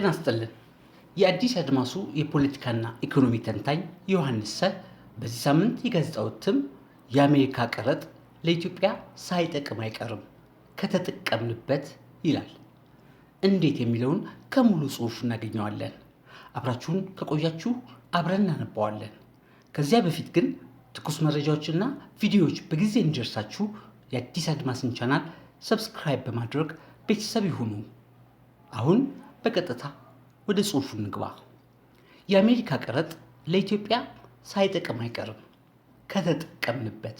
ጤና ይስጥልን። የአዲስ አድማሱ የፖለቲካና ኢኮኖሚ ተንታኝ ዮሐንስ ሰ በዚህ ሳምንት የጋዜጣው እትም የአሜሪካ ቀረጥ ለኢትዮጵያ ሳይጠቅም አይቀርም ከተጠቀምንበት ይላል። እንዴት የሚለውን ከሙሉ ጽሑፍ እናገኘዋለን። አብራችሁን ከቆያችሁ አብረን እናነባዋለን። ከዚያ በፊት ግን ትኩስ መረጃዎችና ቪዲዮዎች በጊዜ እንዲደርሳችሁ የአዲስ አድማስን ቻናል ሰብስክራይብ በማድረግ ቤተሰብ ይሁኑ። አሁን በቀጥታ ወደ ጽሑፉ እንግባ። የአሜሪካ ቀረጥ ለኢትዮጵያ ሳይጠቅም አይቀርም ከተጠቀምንበት።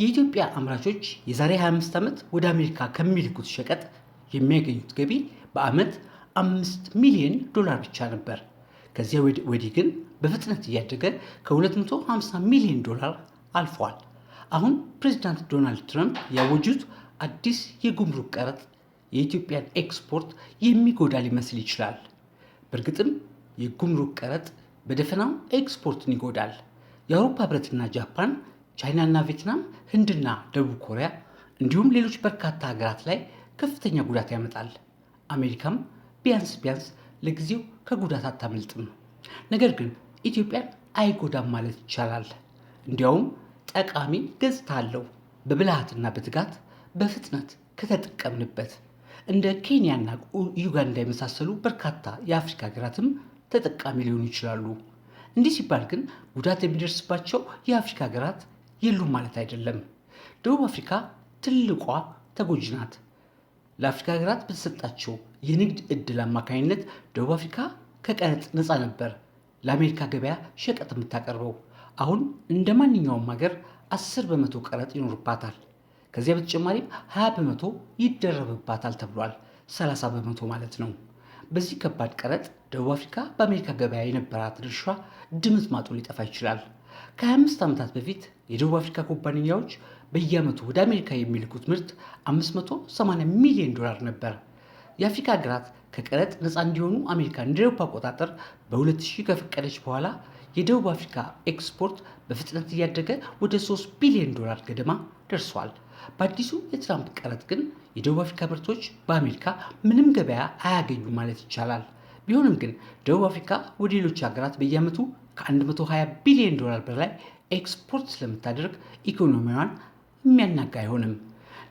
የኢትዮጵያ አምራቾች የዛሬ 25 ዓመት ወደ አሜሪካ ከሚልኩት ሸቀጥ የሚያገኙት ገቢ በዓመት አምስት ሚሊዮን ዶላር ብቻ ነበር። ከዚያ ወዲህ ግን በፍጥነት እያደገ ከ250 ሚሊዮን ዶላር አልፏል። አሁን ፕሬዚዳንት ዶናልድ ትራምፕ ያወጁት አዲስ የጉምሩክ ቀረጥ የኢትዮጵያን ኤክስፖርት የሚጎዳ ሊመስል ይችላል። በእርግጥም የጉምሩክ ቀረጥ በደፈናው ኤክስፖርትን ይጎዳል። የአውሮፓ ህብረትና ጃፓን፣ ቻይናና ቪየትናም፣ ህንድና ደቡብ ኮሪያ እንዲሁም ሌሎች በርካታ ሀገራት ላይ ከፍተኛ ጉዳት ያመጣል። አሜሪካም ቢያንስ ቢያንስ ለጊዜው ከጉዳት አታመልጥም። ነገር ግን ኢትዮጵያን አይጎዳም ማለት ይቻላል። እንዲያውም ጠቃሚ ገጽታ አለው። በብልሃትና በትጋት በፍጥነት ከተጠቀምንበት እንደ ኬንያና ዩጋንዳ የመሳሰሉ በርካታ የአፍሪካ ሀገራትም ተጠቃሚ ሊሆኑ ይችላሉ። እንዲህ ሲባል ግን ጉዳት የሚደርስባቸው የአፍሪካ ሀገራት የሉም ማለት አይደለም። ደቡብ አፍሪካ ትልቋ ተጎጂ ናት። ለአፍሪካ ሀገራት በተሰጣቸው የንግድ እድል አማካኝነት ደቡብ አፍሪካ ከቀረጥ ነፃ ነበር ለአሜሪካ ገበያ ሸቀጥ የምታቀርበው። አሁን እንደ ማንኛውም ሀገር አስር በመቶ ቀረጥ ይኖርባታል። ከዚያ በተጨማሪም 20 በመቶ ይደረብባታል ተብሏል። 30 በመቶ ማለት ነው። በዚህ ከባድ ቀረጥ ደቡብ አፍሪካ በአሜሪካ ገበያ የነበራት ድርሻ ድምፅ ማጡ ሊጠፋ ይችላል። ከ25 ዓመታት በፊት የደቡብ አፍሪካ ኩባንያዎች በየዓመቱ ወደ አሜሪካ የሚልኩት ምርት 580 ሚሊዮን ዶላር ነበር። የአፍሪካ ሀገራት ከቀረጥ ነፃ እንዲሆኑ አሜሪካ እንደ አውሮፓ አቆጣጠር በ2000 ከፈቀደች በኋላ የደቡብ አፍሪካ ኤክስፖርት በፍጥነት እያደገ ወደ 3 ቢሊዮን ዶላር ገደማ ደርሷል። በአዲሱ የትራምፕ ቀረጥ ግን የደቡብ አፍሪካ ምርቶች በአሜሪካ ምንም ገበያ አያገኙ ማለት ይቻላል። ቢሆንም ግን ደቡብ አፍሪካ ወደ ሌሎች ሀገራት በየዓመቱ ከ120 ቢሊዮን ዶላር በላይ ኤክስፖርት ስለምታደርግ ኢኮኖሚዋን የሚያናጋ አይሆንም።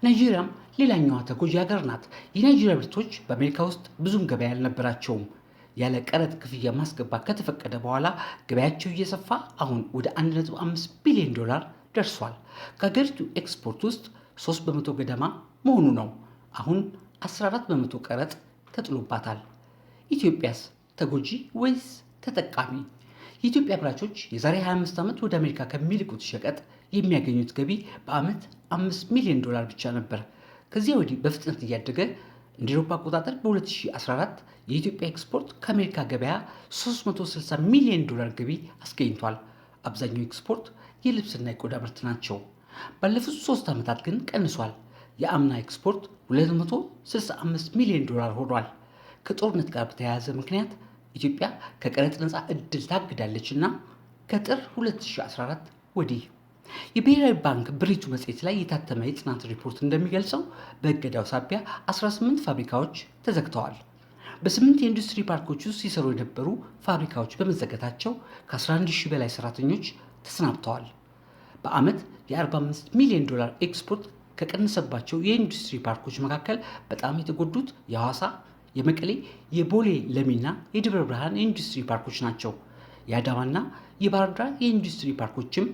ናይጄሪያም ሌላኛዋ ተጎጂ ሀገር ናት። የናይጄሪያ ምርቶች በአሜሪካ ውስጥ ብዙም ገበያ አልነበራቸውም። ያለ ቀረጥ ክፍያ ማስገባት ከተፈቀደ በኋላ ገበያቸው እየሰፋ አሁን ወደ 1.5 ቢሊዮን ዶላር ደርሷል። ከሀገሪቱ ኤክስፖርት ውስጥ 3 በመቶ ገደማ መሆኑ ነው። አሁን 14 በመቶ ቀረጥ ተጥሎባታል። ኢትዮጵያስ ተጎጂ ወይስ ተጠቃሚ? የኢትዮጵያ አምራቾች የዛሬ 25 ዓመት ወደ አሜሪካ ከሚልኩት ሸቀጥ የሚያገኙት ገቢ በዓመት 5 ሚሊዮን ዶላር ብቻ ነበር። ከዚያ ወዲህ በፍጥነት እያደገ እንደ ኤሮፓ አቆጣጠር በ2014 የኢትዮጵያ ኤክስፖርት ከአሜሪካ ገበያ 360 ሚሊዮን ዶላር ገቢ አስገኝቷል። አብዛኛው ኤክስፖርት የልብስና የቆዳ ምርት ናቸው። ባለፉት ሶስት ዓመታት ግን ቀንሷል። የአምና ኤክስፖርት 265 ሚሊዮን ዶላር ሆኗል። ከጦርነት ጋር በተያያዘ ምክንያት ኢትዮጵያ ከቀረጥ ነፃ እድል ታግዳለች እና ከጥር 2014 ወዲህ የብሔራዊ ባንክ ብሪቱ መጽሔት ላይ የታተመ የጥናት ሪፖርት እንደሚገልጸው በእገዳው ሳቢያ 18 ፋብሪካዎች ተዘግተዋል። በስምንት የኢንዱስትሪ ፓርኮች ውስጥ ሲሰሩ የነበሩ ፋብሪካዎች በመዘጋታቸው ከ11 ሺህ በላይ ሰራተኞች ተሰናብተዋል። በዓመት የ45 ሚሊዮን ዶላር ኤክስፖርት ከቀነሰባቸው የኢንዱስትሪ ፓርኮች መካከል በጣም የተጎዱት የሐዋሳ፣ የመቀሌ፣ የቦሌ ለሚና የደብረ ብርሃን የኢንዱስትሪ ፓርኮች ናቸው። የአዳማና የባህር ዳር የኢንዱስትሪ ፓርኮችም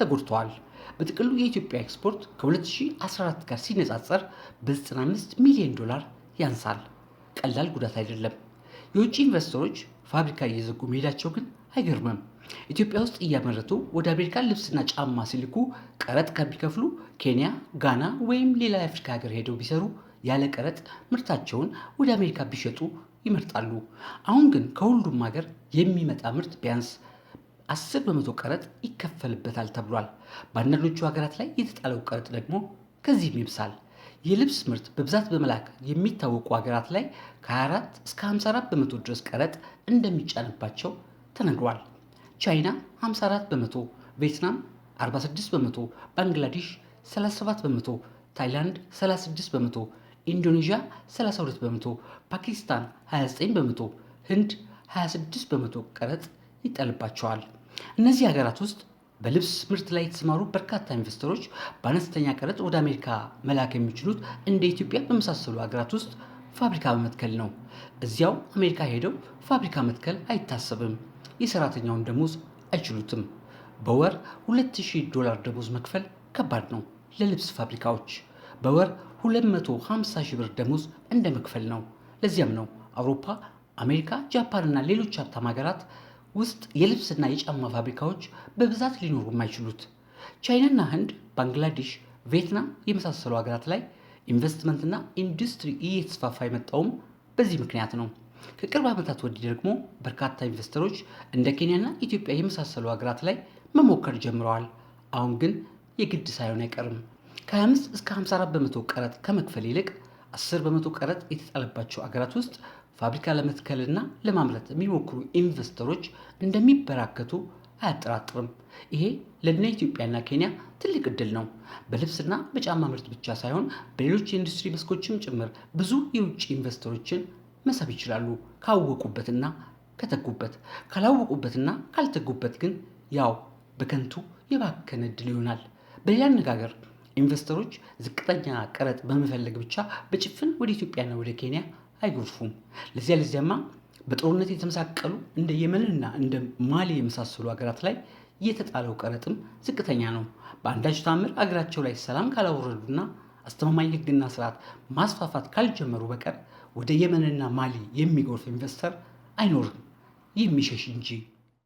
ተጎድተዋል። በጥቅሉ የኢትዮጵያ ኤክስፖርት ከ2014 ጋር ሲነጻጸር በ95 ሚሊዮን ዶላር ያንሳል። ቀላል ጉዳት አይደለም። የውጭ ኢንቨስተሮች ፋብሪካ እየዘጉ መሄዳቸው ግን አይገርምም። ኢትዮጵያ ውስጥ እያመረቱ ወደ አሜሪካ ልብስና ጫማ ሲልኩ ቀረጥ ከሚከፍሉ ኬንያ፣ ጋና ወይም ሌላ የአፍሪካ ሀገር ሄደው ቢሰሩ ያለ ቀረጥ ምርታቸውን ወደ አሜሪካ ቢሸጡ ይመርጣሉ። አሁን ግን ከሁሉም ሀገር የሚመጣ ምርት ቢያንስ አስር በመቶ ቀረጥ ይከፈልበታል ተብሏል። በአንዳንዶቹ ሀገራት ላይ የተጣለው ቀረጥ ደግሞ ከዚህም ይብሳል። የልብስ ምርት በብዛት በመላክ የሚታወቁ ሀገራት ላይ ከ24 እስከ 54 በመቶ ድረስ ቀረጥ እንደሚጫንባቸው ተነግሯል። ቻይና 54 በመቶ፣ ቪየትናም 46 በመቶ፣ ባንግላዴሽ 37 በመቶ፣ ታይላንድ 36 በመቶ፣ ኢንዶኔዥያ 32 በመቶ፣ ፓኪስታን 29 በመቶ፣ ህንድ 26 በመቶ ቀረጥ ይጠልባቸዋል። እነዚህ ሀገራት ውስጥ በልብስ ምርት ላይ የተሰማሩ በርካታ ኢንቨስተሮች በአነስተኛ ቀረጥ ወደ አሜሪካ መላክ የሚችሉት እንደ ኢትዮጵያ በመሳሰሉ ሀገራት ውስጥ ፋብሪካ በመትከል ነው። እዚያው አሜሪካ ሄደው ፋብሪካ መትከል አይታሰብም። የሰራተኛውን ደሞዝ አይችሉትም። በወር 2000 ዶላር ደሞዝ መክፈል ከባድ ነው ለልብስ ፋብሪካዎች በወር 250 ሺህ ብር ደሞዝ እንደ መክፈል ነው። ለዚያም ነው አውሮፓ፣ አሜሪካ፣ ጃፓን ሌሎች ሀብታም ሀገራት ውስጥ የልብስና የጫማ ፋብሪካዎች በብዛት ሊኖሩ የማይችሉት። ቻይናና ህንድ፣ ባንግላዴሽ፣ ቪየትናም የመሳሰሉ ሀገራት ላይ ኢንቨስትመንትና ኢንዱስትሪ እየተስፋፋ የመጣውም በዚህ ምክንያት ነው። ከቅርብ ዓመታት ወዲህ ደግሞ በርካታ ኢንቨስተሮች እንደ ኬንያና ኢትዮጵያ የመሳሰሉ ሀገራት ላይ መሞከር ጀምረዋል። አሁን ግን የግድ ሳይሆን አይቀርም። ከ25 እስከ 54 በመቶ ቀረጥ ከመክፈል ይልቅ 10 በመቶ ቀረጥ የተጣለባቸው አገራት ውስጥ ፋብሪካ ለመትከልና ለማምረት የሚሞክሩ ኢንቨስተሮች እንደሚበራከቱ አያጠራጥርም። ይሄ ለነ ኢትዮጵያና ኬንያ ትልቅ እድል ነው። በልብስና በጫማ ምርት ብቻ ሳይሆን በሌሎች የኢንዱስትሪ መስኮችም ጭምር ብዙ የውጭ ኢንቨስተሮችን መሳብ ይችላሉ። ካወቁበትና ከተጉበት። ካላወቁበትና ካልተጉበት ግን ያው በከንቱ የባከነ እድል ይሆናል። በሌላ አነጋገር ኢንቨስተሮች ዝቅተኛ ቀረጥ በመፈለግ ብቻ በጭፍን ወደ ኢትዮጵያና ወደ ኬንያ አይጎርፉም። ለዚያ ለዚያማ በጦርነት የተመሳቀሉ እንደ የመንና እንደ ማሊ የመሳሰሉ ሀገራት ላይ የተጣለው ቀረጥም ዝቅተኛ ነው። በአንዳች ታምር አገራቸው ላይ ሰላም ካላወረዱና አስተማማኝ ሕግና ስርዓት ማስፋፋት ካልጀመሩ በቀር ወደ የመንና ማሊ የሚጎርፍ ኢንቨስተር አይኖርም፣ ይህ የሚሸሽ እንጂ